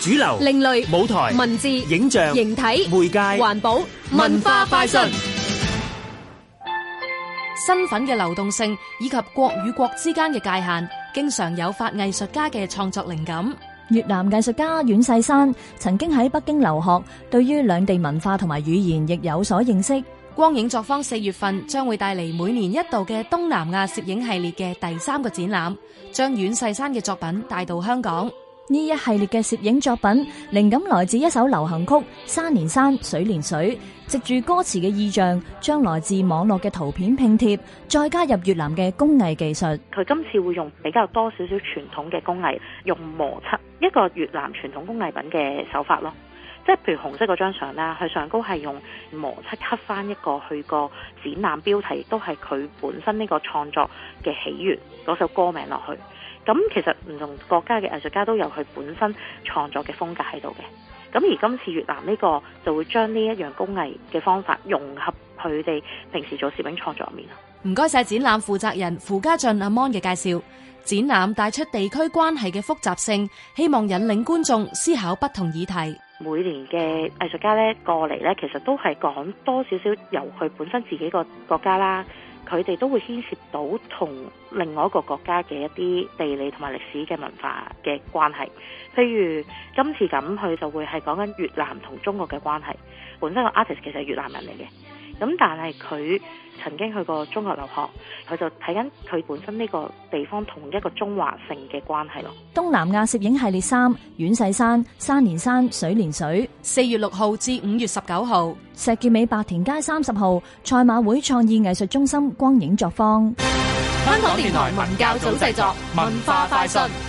主流、另類舞台、文字、影像、形體、媒介、環保、文化快訊。身份嘅流動性以及國與國之間嘅界限，經常誘發藝術家嘅創作靈感。越南藝術家阮世山曾經喺北京留學，對於兩地文化同埋語言亦有所認識。光影作坊四月份將會帶嚟，每年一度嘅東南亞攝影系列嘅第三個展覽，將阮世山嘅作品帶到香港。呢一系列嘅攝影作品，靈感來自一首流行曲《山連山，水連水》，藉住歌詞嘅意象，將來自網絡嘅圖片拼貼，再加入越南嘅工藝技術。佢今次會用比較多少少傳統嘅工藝，用磨漆一個越南傳統工藝品嘅手法咯。即係譬如紅色嗰張相啦，佢上高係用磨漆刻翻一個去個展覽標題，都係佢本身呢個創作嘅起源嗰首歌名落去。咁其實唔同國家嘅藝術家都有佢本身創作嘅風格喺度嘅，咁而今次越南呢個就會將呢一樣工藝嘅方法融合佢哋平時做攝影創作入面。唔該晒，展覽負責人傅家俊阿 Mon 嘅介紹。展覽帶出地區關係嘅複雜性，希望引領觀眾思考不同議題。每年嘅藝術家咧過嚟咧，其實都係講多少少由佢本身自己個國家啦。佢哋都會牽涉到同另外一個國家嘅一啲地理同埋歷史嘅文化嘅關係，譬如今次咁佢就會係講緊越南同中國嘅關係。本身個 artist 其實係越南人嚟嘅。咁但係佢曾經去過中學留學，佢就睇緊佢本身呢個地方同一個中華城嘅關係咯。東南亞攝影系列三，遠世山山連山水連水，四月六號至五月十九號，石硤尾白田街三十號賽馬會創意藝術中心光影作坊。香港電台文教組製作，文化快訊。